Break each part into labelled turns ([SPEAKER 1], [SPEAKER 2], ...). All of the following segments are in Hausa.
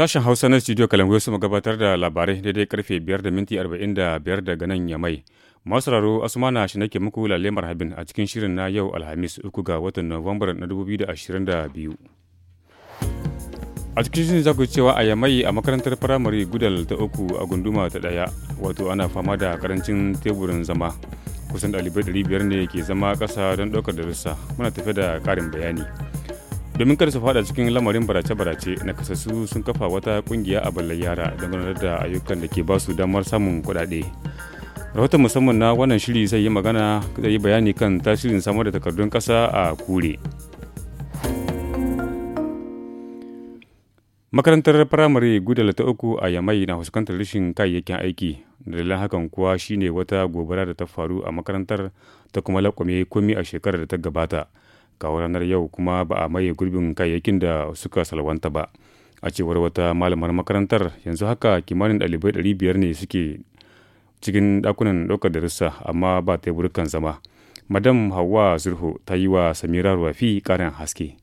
[SPEAKER 1] Sashen Hausa na Studio Kalangoyo su gabatar da labarai daidai karfe 5 da minti 45 daga nan ya masu raro Asmana shi nake muku lalemar habin a cikin shirin na yau Alhamis 3 ga watan Nuwambar na 2022. A cikin shirin za ku cewa a Yamai a makarantar firamare gudal ta uku a gunduma ta ɗaya wato ana fama da karancin teburin zama. Kusan ɗalibai 500 ne ke zama ƙasa don ɗaukar darussa. Muna tafe da ƙarin bayani. domin kar su fada cikin lamarin barace-barace na kasassu sun kafa wata kungiya a ballar yara don gudanar da ayyukan da ke basu damar samun kuɗaɗe rahoton musamman na wannan shiri zai yi magana zai yi bayani kan tasirin samar da takardun ƙasa a kure makarantar firamare gudala ta uku a yamai na fuskantar rashin kayayyakin aiki dalilan hakan kuwa shine wata gobara da ta faru a makarantar ta kuma lakwame komi a shekarar da ta gabata kawo ranar yau kuma ba a maye gurbin kayayyakin da suka salwanta ba a cewar wata malamar makarantar yanzu haka kimanin ɗalibai ɗari biyar ne suke cikin ɗakunan ɗaukar darussa amma ba teburukan zama madam hawa zurhu ta yi wa samira ruwafi
[SPEAKER 2] ƙarin haske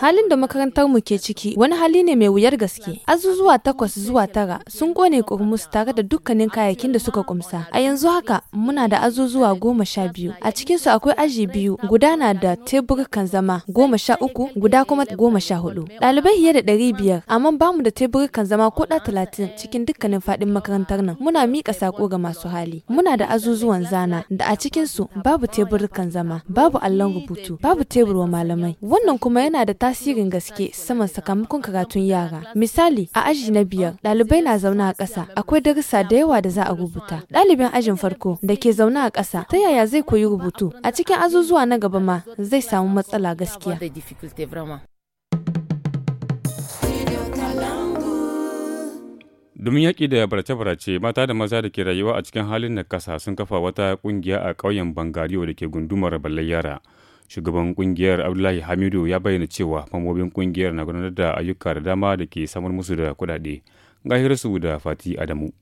[SPEAKER 2] Halin da makarantar mu ke ciki wani hali ne mai wuyar gaske. Azuzuwa takwas zuwa tara sun kone kurmus tare da dukkanin kayayyakin da suka kumsa. A yanzu haka muna da azuzuwa goma sha biyu. A cikinsu akwai aji biyu guda na da teburukan zama goma sha uku guda kuma goma sha hudu. Ɗalibai fiye da ɗari biyar amma bamu da teburukan zama ko ɗa talatin cikin dukkanin faɗin makarantar nan. Muna miƙa sako ga masu hali. Muna da azuzuwan zana da a cikinsu babu teburukan zama babu allon rubutu babu teburwa malamai. Wannan kuma yana da tasirin gaske saman sakamakon karatun yara. Misali, a aji na biyar, ɗalibai na zaune a ƙasa, akwai darussa da yawa da za a rubuta. Ɗalibin ajin farko da ke zaune a ƙasa, ta yaya zai koyi rubutu? A cikin azuzuwa na gaba ma zai samu matsala gaskiya.
[SPEAKER 1] domin yaƙi da barace-barace mata da maza da ke rayuwa a cikin halin na kasa sun kafa wata ƙungiya a ƙauyen bangariyo da ke gundumar ballayyara. shugaban kungiyar abdullahi hamidu ya bayyana cewa mambobin kungiyar na gudanar da ayyuka da dama da ke samar musu da kuɗaɗe gahirsu da fati adamu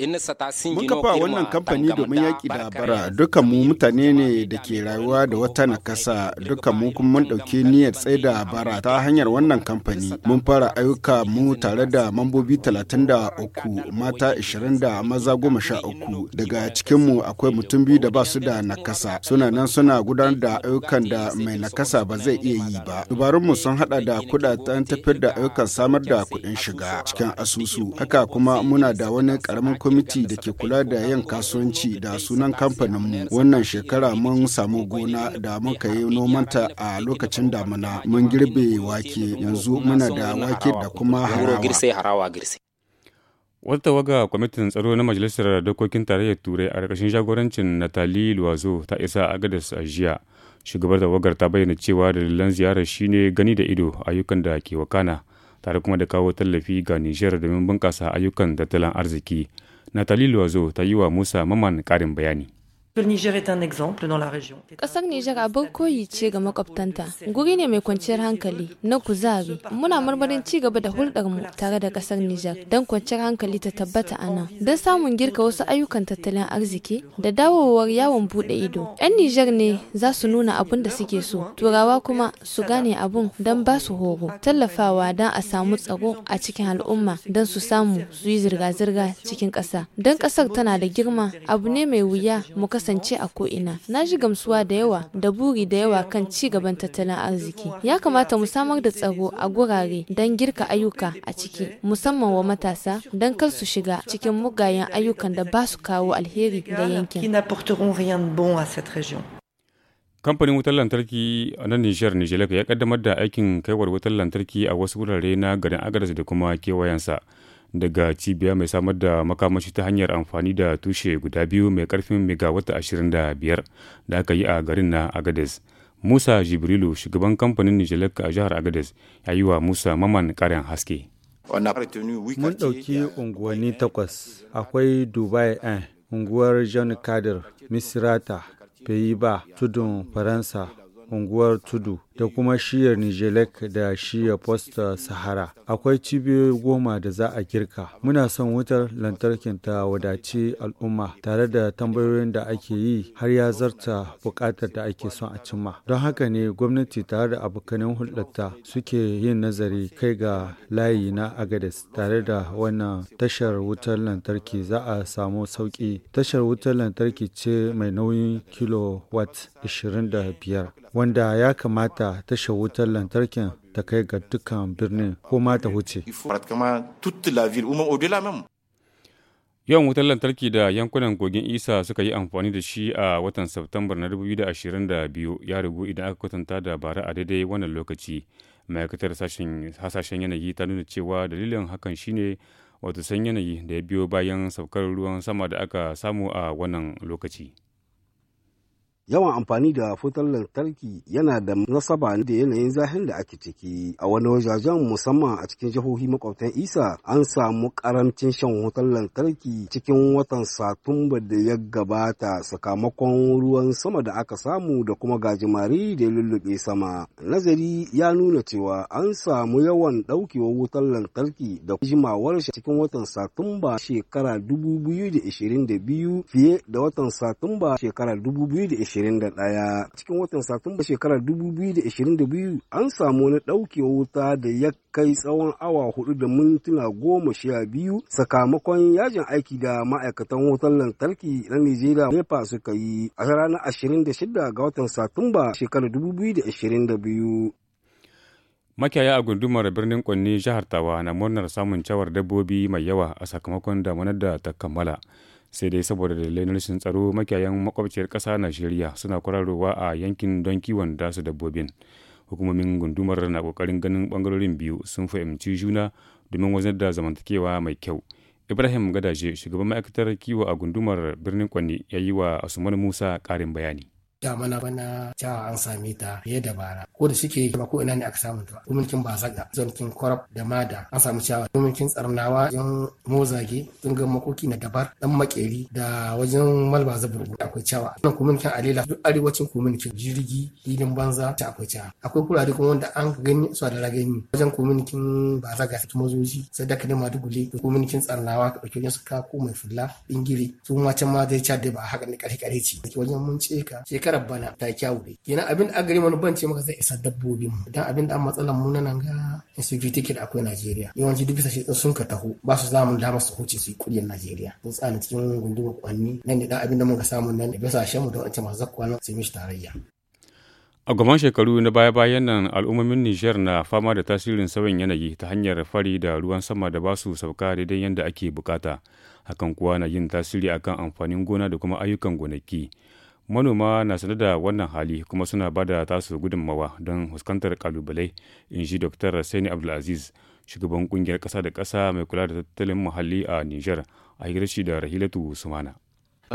[SPEAKER 3] Mun kafa wannan kamfani domin yaƙi da bara dukan mu mutane ne da ke rayuwa da wata nakasa duka mu kuma mun ɗauki niyyar da bara ta hanyar wannan kamfani. Mun fara ayyuka mu tare da mambobi 33 mata 20 da maza 13 daga cikinmu akwai mutum biyu da ba su da nakasa suna nan suna gudanar da ayyukan da mai nakasa ba zai iya yi ba. Dubarun mu sun hada da kudaden tafiyar da ayyukan samar da kuɗin shiga cikin asusu haka kuma muna da wani ƙaramin kwamiti da ke kula da yan kasuwanci da sunan kamfaninmu wannan shekara mun samu gona da muka yi nomanta a lokacin damuna mun girbe wake yanzu muna da wake da kuma harawa.
[SPEAKER 1] wata waga kwamitin tsaro na majalisar dokokin tarayyar turai a ƙarƙashin jagorancin natali luwazo ta isa agadas a jiya shugabar tawagar ta bayyana cewa dalilan ziyarar shine gani da ido ayyukan da ke wakana tare kuma da kawo tallafi ga nijar domin bunƙasa ayyukan tattalin arziki Nathalie Loiseau ta yi wa Musa Maman ƙarin bayani.
[SPEAKER 2] Ƙasar Nijar abin koyi ce ga makwabtanta. Guri ne mai kwanciyar hankali na kuzari. Muna marmarin ci gaba da hulɗar mu tare da ƙasar Nijar don kwanciyar hankali ta tabbata a nan. Don samun girka wasu ayyukan tattalin arziki da dawowar yawon buɗe ido. 'Yan Nijar ne za su nuna abin da suke so. Turawa kuma su gane abun don ba su horo. Tallafawa don a samu tsaro a cikin al'umma don su samu su yi zirga-zirga cikin ƙasa. Don ƙasar tana da girma abu ne mai wuya mu kasance a ko'ina. Na ji gamsuwa da yawa da buri da yawa kan ci gaban tattalin arziki. Ya kamata mu samar da tsaro a gurare don girka ayyuka a ciki, musamman wa matasa don kar su shiga cikin mugayen ayyukan da ba su kawo alheri ga yankin.
[SPEAKER 1] Kamfanin wutar lantarki a nan Nijar ya kaddamar da aikin kaiwar wutar lantarki a wasu wurare na garin agras da kuma kewayensa. daga cibiya mai samar da makamashi ta hanyar amfani da tushe guda biyu mai karfin megawata 25 da biyar da aka yi a garin na agades musa jibrilu shugaban kamfanin nijalek a jihar agades ya yi wa musa maman karin haske
[SPEAKER 4] mun ɗauki unguwanni takwas akwai dubai a unguwar john kadir misrata ba tudun faransa unguwar tudu da kuma shiyar nijelek da shiyar posta sahara akwai cibiyoyi goma da za a girka muna son wutar lantarkin ta wadaci al'umma tare da tambayoyin da ake yi har ya zarta bukatar da ake son a cimma don haka ne gwamnati tare da abokanin hulɗarta suke yin nazari kai ga layi na agades tare da wannan tashar wutar lantarki za a samu sauƙi tashar wutar lantarki ce mai nauyin kilowatt 25 wanda ya kamata tashar wutar lantarkin ta kai ga dukkan birnin ko ma ta huce.
[SPEAKER 1] Yawan wutar lantarki da yankunan kogin Isa suka yi amfani da shi a watan Septambar na 2022 ya ragu idan aka kwatanta da bara a daidai wannan lokaci. Ma'aikatar hasashen yanayi ta nuna cewa dalilin hakan shine wato san yanayi da ya biyo bayan saukar ruwan sama da aka samu a wannan lokaci.
[SPEAKER 3] yawan amfani da fitar lantarki yana da nasaba da yanayin zahin da ake ciki a wani wajajen musamman a cikin jihohi makwabtan isa an samu karamcin shan wutar lantarki cikin watan satumba da ya gabata sakamakon ruwan sama da aka samu da kuma gajimari da lullube sama nazari ya nuna cewa an samu yawan daukewar wutar lantarki da jimawar shi cikin watan satumba shekara 2022 fiye da watan satumba shekara 2020 2021 cikin watan Satumba shekarar 2022 an samu wani dauke wuta da ya kai tsawon awa hudu da mintuna goma sha biyu sakamakon yajin aiki da ma'aikatan wutar lantarki na nigeria NEPA suka yi a ranar 26 ga watan Satumba shekarar 2022.
[SPEAKER 1] Makiyaya a gundumar birnin Kwanni jihar Tawa na murnar samun cawar dabbobi mai yawa a sakamakon damunar da ta kammala. sai dai saboda dalilai na rashin tsaro makiyayan makwabciyar ƙasa najeriya suna kwararowa a yankin don kiwon dasu dabbobin hukumomin gundumar na kokarin ganin ɓangarorin biyu sun fahimci juna domin wajen da zamantakewa mai kyau ibrahim gadaje shugaban ma'aikatar kiwo a gundumar birnin kwani ya yi wa asuman musa ƙarin bayani
[SPEAKER 3] mana bana cewa an same ta fiye da bara ko da shike kuma ko ina ne aka samu ta mulkin bazaga zonkin korab da mada an samu cewa kin tsarnawa yan mozage ga makoki na dabar dan makeri da wajen malba zaburgu akwai cewa nan kumulkin alila. duk arewacin kumulkin jirgi filin banza ta akwai cewa akwai kurare kuma wanda an gani su da ragani wajen kumulkin bazaga su sadaka da madugule kumulkin tsarnawa ka dauke su ka ko mai fulla bingire su ma can ma zai cha da ba haka ne kare kare ce wajen mun ce ka shekarar bana ta kyawu dai abin da agari mana bance maka zai isa dabbobi mu dan abin da an matsalan mu nan ga insecurity kid akwai Najeriya yawanci duk bisashe din sun ka taho ba su zamu da su huce su yi kuriyar Najeriya sun tsana cikin gundumar kwanni nan da dan abin da muka samu nan da bisashen mu da wancan masu zakkuwa nan sai mishi tarayya
[SPEAKER 1] a gaban shekaru na baya-bayan nan al'ummomin niger na fama da tasirin sauyin yanayi ta hanyar fari da ruwan sama da ba su sauka daidai yadda ake bukata hakan kuwa na yin tasiri akan amfanin gona da kuma ayyukan gonaki manoma na sanar da wannan hali kuma suna ba da tasu gudunmawa don fuskantar kalubalai in ji dr saini abdulaziz shugaban kungiyar kasa da kasa mai kula da tattalin muhalli a niger a hirarci da rahilatu sumana A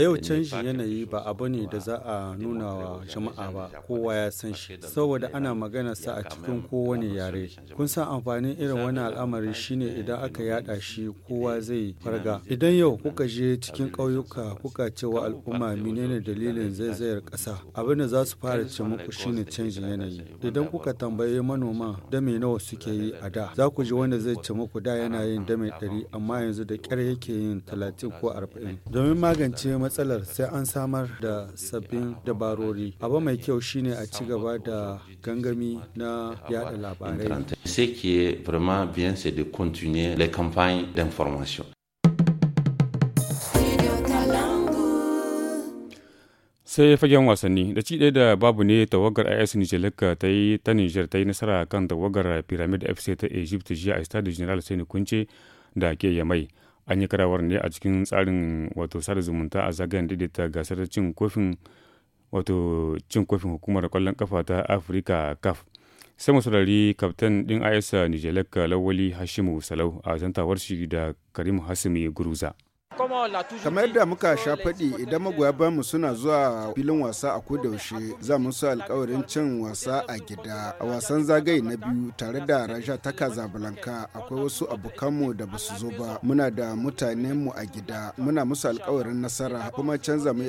[SPEAKER 1] yau
[SPEAKER 4] canjin yanayi ba abu ne da za a nuna wa jama'a ba kowa ya san shi saboda ana magana sa a cikin kowane yare. Kun san amfanin irin wani al'amari shine idan aka yada shi kowa zai farga. Idan yau kuka je cikin ƙauyuka kuka ce wa al'umma menene dalilin zaizayar ƙasa abin da za su fara ce muku shine canjin yanayi. Idan kuka tambayi manoma dame nawa suke yi a da za ku ji wanda zai ce muku da yana yin da mai ɗari amma yanzu da ƙyar yake yin talatin ko 40 domin magance matsalar sai an samar da sabbin dabarori abu mai kyau shine a ci gaba da gangami na yada labarai ce
[SPEAKER 1] qui kontinu le kamfani da sai fagen wasanni da ci ɗaya da babu ne tawagar is nijalaka ta yi ta niger ta yi nasara kan tawagar pyramid fc ta egypt jiya a stade general sai kunce da ke yamai an yi karawar ne a cikin tsarin wato sada zumunta a zagayen daidaita gasar cin kofin wato cin kofin hukumar kwallon kafa ta afirka caf sai mu saurari kaftan din is nijelek lawali hashimu salau a zantawar shi da karim hasimi guruza kamar
[SPEAKER 3] yadda muka sha faɗi idan magoya mu suna zuwa filin wasa a kodaushe za mu su alkawarin cin wasa a gida a wasan zagaye na biyu tare da raja ta balanka akwai wasu abokanmu da ba su zo ba muna da mutanen mu a gida muna musu alkawarin nasara kuma canza mu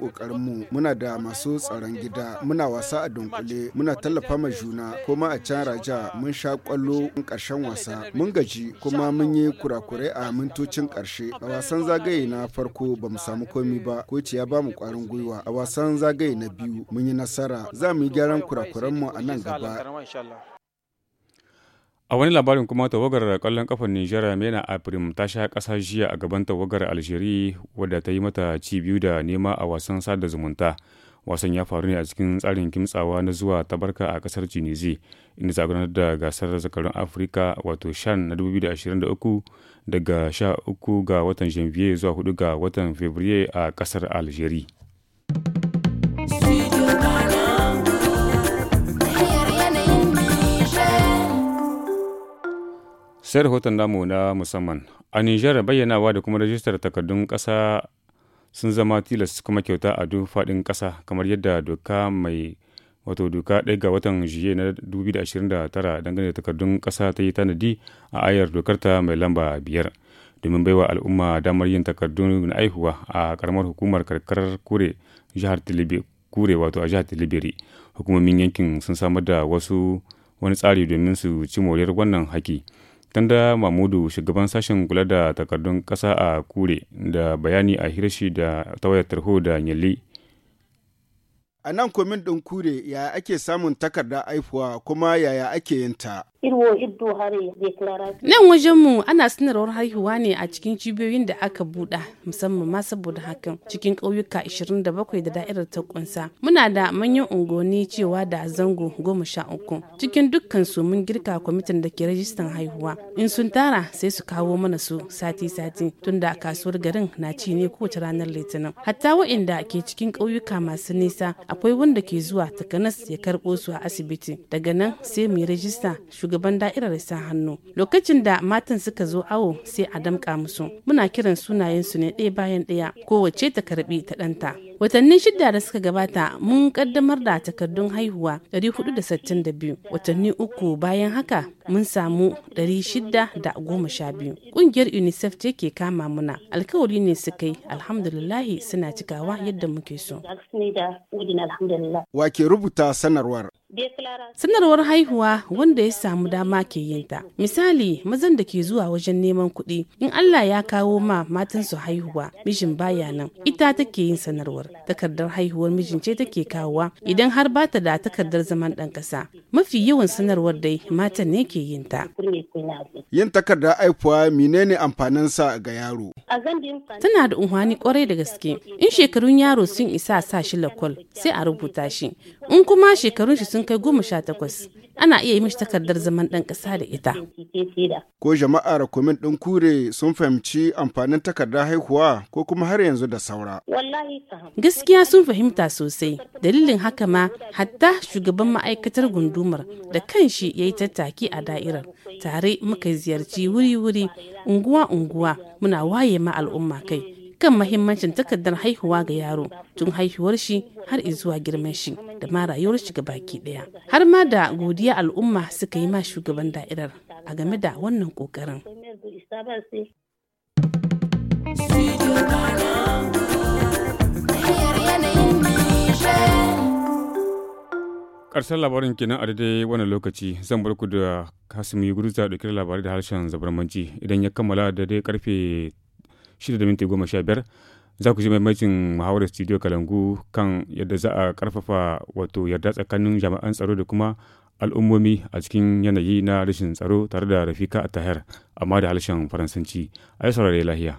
[SPEAKER 3] kokarin mu muna da masu tsaron gida muna wasa a dunkule muna tallafa ma juna kuma a can raja mun sha kwallo karshen wasa mun gaji kuma mun yi kurakurai a mintocin karshe a wasan zagaye na farko ba mu samu komi ba koci ya ba kwarin gwiwa a wasan zagaye na biyu mun yi nasara za mu yi gyaran mu a nan gaba
[SPEAKER 1] a wani labarin kuma tawagar kwallon kafar nijar mena afrim ta sha kasa jiya a gaban tawagar algeria wadda ta yi mata ci biyu da nema a wasan sada zumunta wasan ya faru ne a cikin tsarin kimtsawa na zuwa tabarka a kasar tunisia inda za gudanar da gasar zakarun afirka wato shan na 2023 daga 13 ga watan janvier zuwa 4 ga watan fevrier a kasar algeria sai rahoton namu na musamman a nijar bayyanawa da kuma rajistar takardun kasa. sun zama tilas kuma kyauta a duk faɗin ƙasa kamar yadda doka mai wato doka ɗaya ga watan juye na 2029 dangane da takardun ƙasa ta yi tanadi a ayar dokar ta mai lamba biyar domin baiwa al'umma damar yin takardun aihuwa a karamar hukumar karkarar kure jihar tilibe kure wato a jihar tilibiri hukumomin yankin sun samar da wasu wani tsari domin su ci moriyar wannan haki Tanda Mahmudu shugaban sashen kula da takardun ƙasa a Kure da bayani a hirshi da tawayar tarho da Nyalli.
[SPEAKER 3] A nan komin ɗin Kure yaya ake samun takarda aifuwa kuma yaya ake yinta.
[SPEAKER 5] irwo iddo hare declaration nan wajenmu ana sanarwar haihuwa ne a cikin cibiyoyin da aka buɗa musamman ma saboda hakan cikin ƙauyuka 27 da da'irar ta kunsa muna da manyan unguwanni cewa da zango goma sha uku cikin dukkan su mun girka kwamitin da ke rajistan haihuwa in sun tara sai su kawo mana su sati sati tunda kasuwar garin na ci ne kowace ranar litinin hatta waɗanda ke cikin ƙauyuka masu nisa akwai wanda ke zuwa takanas ya karɓo su a asibiti daga nan sai mu yi rajista shugaban da'irar sa hannu lokacin da matan suka zo awo sai a damƙa musu muna kiran sunayen su ne ɗaya bayan ɗaya kowace ta karbi ta ɗanta watanni shida da suka gabata mun kaddamar da takardun haihuwa 462 watanni uku bayan haka mun samu 612 kungiyar unicef ce ke kama muna alkawari ne su kai alhamdulillahi suna cikawa yadda muke so
[SPEAKER 3] wake rubuta sanarwar
[SPEAKER 5] Sanarwar haihuwa wanda ya samu dama ke yinta. Misali, mazan da ke zuwa wajen neman kuɗi, in Allah ya kawo ma matan su haihuwa, mijin baya nan, ita take yin sanarwar. Takardar haihuwar mijin ce take kawowa idan har ba ta da takardar zaman ɗan ƙasa. Mafi yawan sanarwar dai matan ne ke yinta.
[SPEAKER 3] Yin takardar haihuwa menene amfaninsa ga yaro?
[SPEAKER 5] Tana da unhwani kwarai da gaske. In shekarun yaro sun isa sa shi lakol, sai a rubuta shi. In kuma shekarun shi sun sun kai goma sha takwas ana iya yi mishi takardar zaman ɗan ƙasa da ita.
[SPEAKER 3] Ko jama'ar kumin ɗin kure sun fahimci amfanin takardar haihuwa ko kuma har
[SPEAKER 5] yanzu da saura. Gaskiya sun fahimta sosai dalilin haka ma hatta shugaban ma'aikatar gundumar da kanshi ya yi tattaki a da'irar tare muka ziyarci wuri-wuri unguwa-unguwa muna waye ma al'umma kai kan mahimmancin takardar haihuwa ga yaro tun haihuwar shi har zuwa girman shi da ma rayuwar shi ga baki daya har ma da godiya al'umma suka yi ma shugaban da'irar a game da wannan kokarin
[SPEAKER 1] karshen labarin kenan a daidai wannan lokaci zan bar ku da kasumi guruza da kira labarai da harshen zabarmanci idan ya kammala da dai karfe shida da minti goma sha biyar za ku ji maimacin muhawarar studio kalangu kan yadda za a karfafa wato yarda tsakanin jami'an tsaro da kuma al'ummomi a cikin yanayi na rashin tsaro tare da rafika a tahir amma da harshen faransanci a yi saurare lahiya.